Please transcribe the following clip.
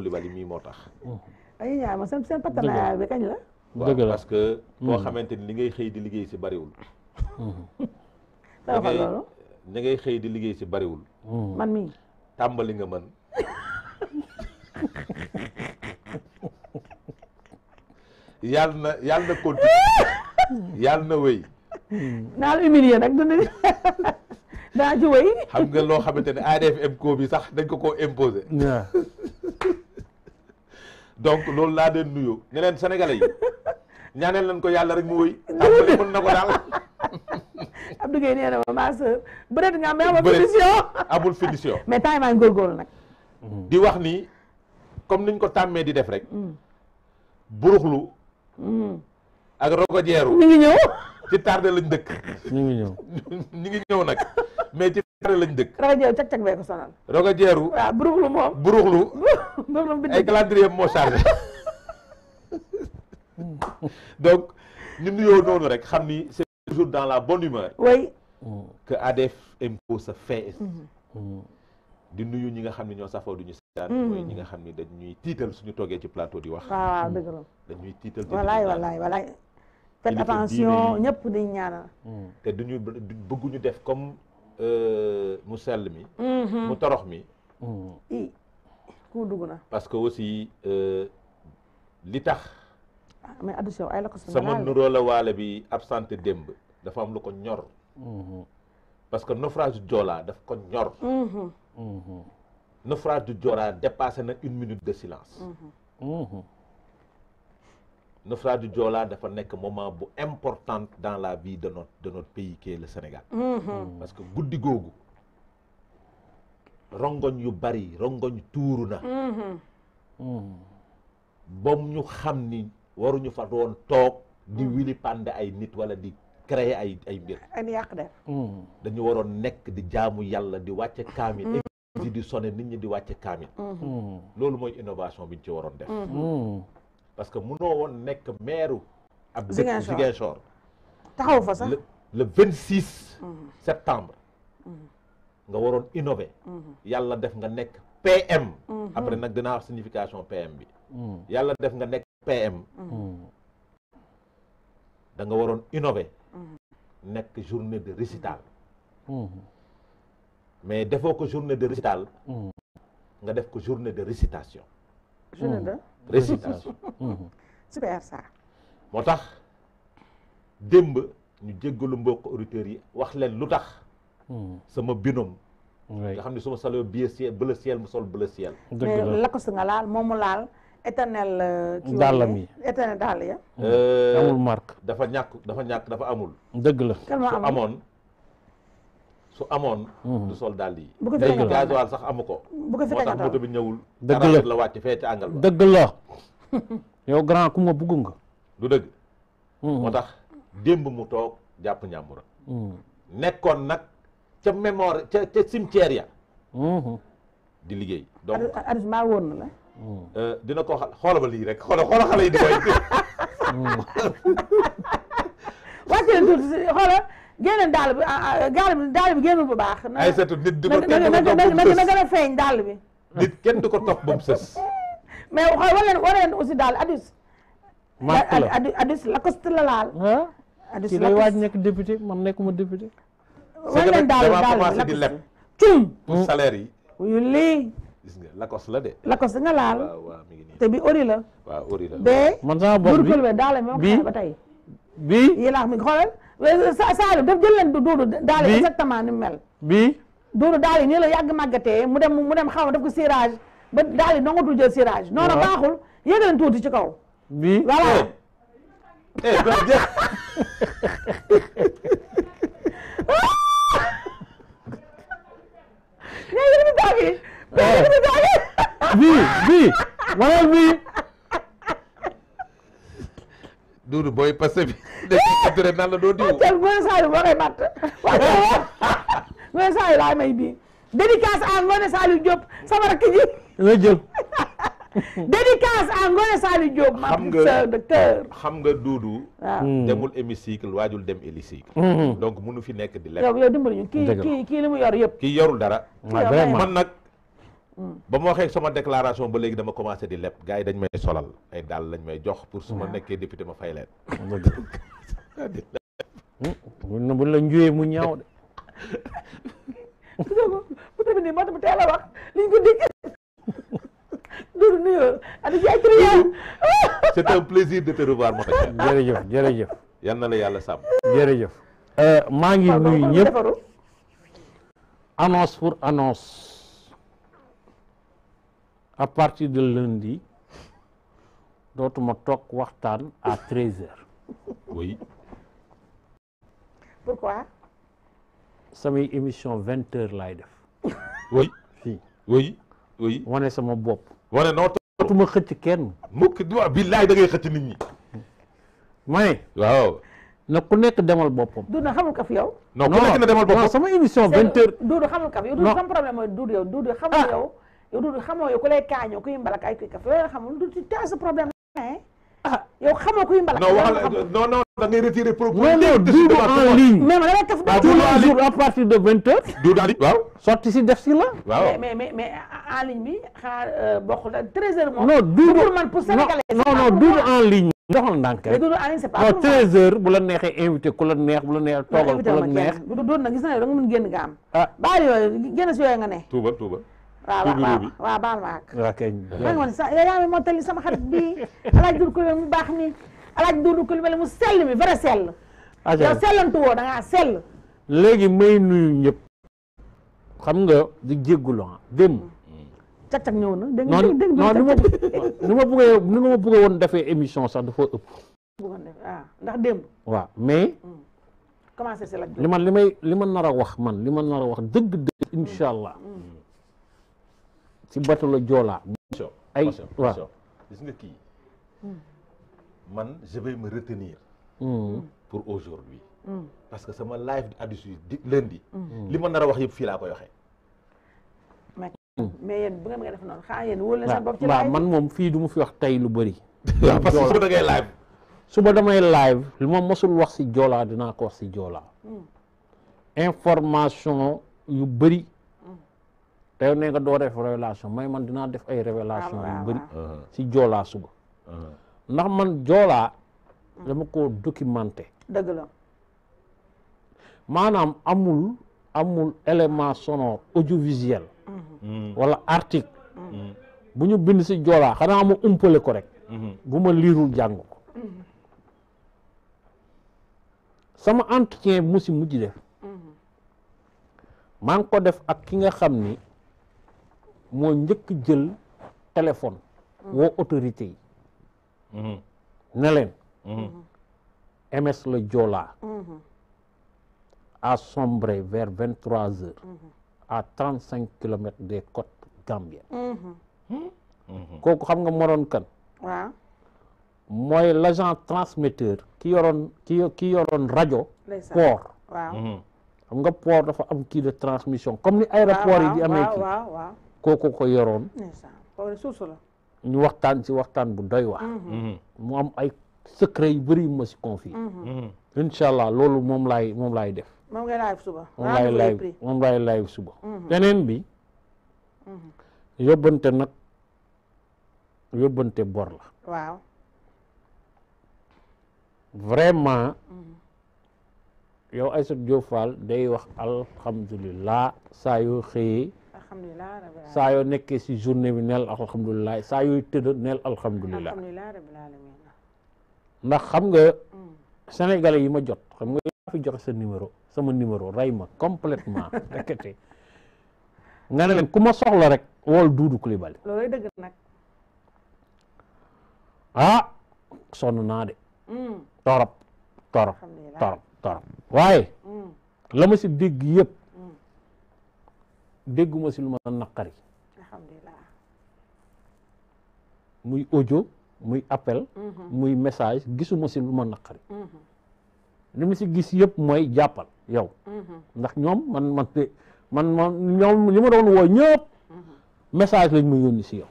Koulibaly mii moo tax. ay ñaar ma seen seen partenariat bi kañ la. dëgg la parce que. koo hmm. xamante ni ngay xëy di liggéey si bariwul. dama hmm. fa nga mën. yàlla na yàlla na continue yàlla na wéy. naa la humilier nag ci wéy. xam nga loo xamante ne ADFM ko bi sax dañ ko koo imposer. donc loolu la den nuyo ne len sénégalais yi ñaanel leen ko yalla rek mu woy tàmbali mën nako dal Abdou Gueye nee ma ma sœur rek nga am amul finition amul finition mais tay yi maa gor nak mm. di wax ni comme niñ ko tamé di def rek mm. buruxlu mm. ak rogojeeru ñu ngi ñew ci tardé lañ dëkk ñi ngi ñëw ñu ngi mais ci fere lañ dëkk rajo cag cag bee ko sonal roga jeeru waaw buruxlu moom buruxlu buruxlu bi ay calendrier moo chargé donc ñu nuyoo noonu rek xam ni c'est toujours dans la bonne humeur oui que ADF impôt sa fait mm-hmm. Mm-hmm. di nuyu ñi nga xam ne ñoo safoo duñu seetaan mm-hmm. mooy ñi nga xam ne dañuy tiital suñu toogee ci plateau di wax waaw ah, dëgg la dañuy tiital walaay walaay walaay faites attention ñëpp dañ ñaanal mm. te duñu bëgguñu def comme Euh, mu sell mi mhm. mu torox mi mm. dugg na parce que aussi euh, li tax ah, mais addition ay la ko sama nuroo la waale bi absenté démb dafa am lu ko ñor mm-hmm. parce que naufrage du Joola daf ko ñor mm-hmm. Mm-hmm. naufrage du Joola dépassé na une minute de silence naufrage du Joola dafa nekk moment bu important dans la vie de not de notre pays qui est le Sénégal mm-hmm. mm. parce que guddi googu rongoñ yu bari rongoñ tuuru na bom mm-hmm. mm. ñu xam ni waruñu fa doon toog di mm. wili pande ay nit wala di créer ay ay mbir yàq def dañu waroon nekk di jaamu yàlla di wàcce kaamil mm-hmm. di sone nit ñi di wàcce kaamil loolu mooy innovation bi ñu ci waroon def parce que nous avons maire de le 26 mhm. septembre mhm. nga allons innover PM mhm. après nous avons wax signification PM bi PM innover journée de récital mais journée de récital une journée de récitation jeune de mmh. récitation mmh. moo tax démb ñu jéggalu mbokk auditeurs yi wax leen lu tax mmh. sama binôme nga xam ne suma solo bleu ciel bleu ciel mu sol bleu ciel mais lakos nga laal moomu laal éternel kii euh, dàllam yi éternel dàll ya euh, amul marque dafa ñàkk dafa ñàkk dafa amul dëgg la su amoon su amoon. Mhm. du sol dàll yi. bu ko fi sax amu ko. bu ko fi moo tax moto ñëwul. dëgg la la wàcc fee ci àngal ba. dëgg la yow grand ku bugg nga. du dëgg. Mhm. moo tax démb mu toog jàpp ñàmbura. Mhm. nekkoon nag ca mémoire ca ca cimetière ya. di liggéey donc arrangement woon na euh, ko xoolal ba lii rek xoolal xoolal xale yi di koy. wàcc leen tuuti xoolal. génn dàll bi ah, ah, gaal bi dàll bi génn bu baax. nit di topp ba na a feeñ dàll bi. nit kenn du ko topp ba mu sës. mais xool war leen war daal adus. la adus lacoste la laal. adus lacoste kii day waaj nekk député man nekkuma député. war daal bi cum pour hmm. salaire yi. yu lii. gis nga lacoste la de. nga laal. waaw waaw mi la. waaw ori la. man sama a bi bee. man sama bopp bi daal la ba tey. bii yilaax mi xoolal Saalum daf jël leen Doudou daal yi exactement ni mu mel bii Doudou daal yi nii la yàgg màggatee mu dem mu dem xaw ma daf ko cirage ba daal yi dongatul jël cirage noonu baaxul yéeg leen tuuti ci kaw bii voilà ña yërmi daal yi bii eh. bii wala bii Doudou booy passé bi. dëgg nan la doo diw. waaw Ngoné Saliou boo koy may bii. dédicace à Ngoné Saliou Diop sama rakk ji. nga jël. dédicace à Ngoné Saliou Diop. xam nga xam nga Doudou. waaw hmm. demul hémicycle waajul dem hémicycle. Hmm. donc munu fi nekk di lekk. yow yow dimbali kii mu yor yëpp. kii yorul dara. Ah, vraiment ba ma waxee sama déclaration ba léegi dama commencé di leb gars yi dañ may solal ay daal lañ may jox pour suma nekkee député ma fay leen na hmm, bu la njuyee mu ñaaw de bu tamit nii c'est un plaisir de te revoir mon cher jërëjëf yal na la yàlla sàmm jërëjëf euh, maa ngi nuyu ñëpp annonce pour annonce à partir de lundi d'autres me à 13 h oui. pourquoi. une émission 20h Live. Oui. oui. oui oui. wane sama bop. wane noo dootuma xëcc kenn. mukk du nit ñi. je ne. waaw. nekk demal le xamul yow. non ma émission vingt heures. xamul yow sama problème bop? yow du xamoo yow ku lay kaañoo kuy mbalak ay kuy kaf loolu xamul du ci sa problème ah yow xamoo kuy mbalak. non waxal non non da ngay retirer propos. duudu en ligne. mais ma da ngay kaf ba tous les jours à partir de vingt heures. duudu en ligne waaw. sotti si def si la. waaw mais mais mais en ligne bi xanaa euh, bokkul ak treize heures. moom non duudu pour man pour sénégalais. non non duudu en ligne. doxal ndànk rek non treize heures bu la neexee invité ku la neex bu la neex toogal ku la neex. du doon na gis na yow da nga mën génn nga am. ah baal yooyu génn si yooyu nga ne. tuuba tuuba. waaw waaw waaw baal ma ak waaw kay maa ngi woon sa yaa ngi mottali sama xarit bii alaaj duur kulibali mu baax mi alaaj duur kulibali mu sell mi vrai sell yow sellantu woo da ngaa sell léegi may nuyu ñëpp xam nga di jéggulu ah démb cag mm. cag ñëw na dégg nga dégg non ni ma ni ma bëggee ni nga ma bëggee woon defee émission sax dafa ëpp waaw ah, ndax démb waaw mais mm. commencé si la li man li may li ma nar a wax man li ma nar a wax dëgg dëgg incha allah mm. si bato jola, Joola. ay wa gis nga ki man je vais me retenir. Hmm. pour aujourd'hui hmm. parce que sama live a di lundi. Hmm. li ma nar wax yëpp fi la koy waxe mais yeen bu ngeen nga def non xaa yeen wol na sa bopp ci live man moom fii du fi wax lu bëri. parce que suba da ngay live. suba damay live li ma wax si Joola ko wax si Joola. information yu bëri. te ne nga doo def révélation may man dinaa def ay révélation yu ah, bëri si joolaa suba uh-huh. ndax man joolaa mm. dama ko documenté maanaam amul amul élément sonore audiovisuel mm-hmm. wala article mm-hmm. bu ñu bind si joolaa xanaa ma umpale ko rek mm-hmm. bu ma liirul jàng sama entretien mu si mujj def maa ngi ko def ak ki nga xam ni moo njëkk jël téléphone woo autorité yi mm-hmm. ne leen MS mm-hmm. le Joola mm-hmm. a sombré vers vingt trois heures à trente cinq kilomètres des côtes gambiennes kooku xam nga moroon kan mooy la agent transmetteur ki yoroon ki ki yoroon rajo port waaw xam nga port dafa am kii de transmission comme ni aéroport yi di amee kii kooku ko yoroon ñu waxtaan si waxtaan bu doy wax mhm. mhm. mu am ay secret yu bëri yu ma si confié mhm. incha loolu moom lay moom laay def moom ngay lay suba moom bi yóbbante nag yóbbante bor la yow Aïssatou Diop Fall day wax alhamdulillah saa yoo xëyee alhamdulilah rabbil alamin saa yoo nekkee si journée bi neel alhamdulilah saa yooy tëdd neel alhamdulilah ndax xam nga mm. sénégalais yi ma jot xam nga yaa fi joxe sa numéro sama numéro rey ma complètement rekkete nga ne leen ku ma soxla rek wool Doudou Coulibaly looloy dëgg nag ah sonn naa de mm. torop torop torop waaye mm. la ma si dégg yëpp deguma ci luma ma naqari alhamdulilah muy audio muy appel mhm. muy message gisuma ci luma ma naqari mhm. li ma si gis yep moy jappal yow mhm. ndax ñom man man man ñom ñoom ma doon wo ñep message lañ mu yoni ci yow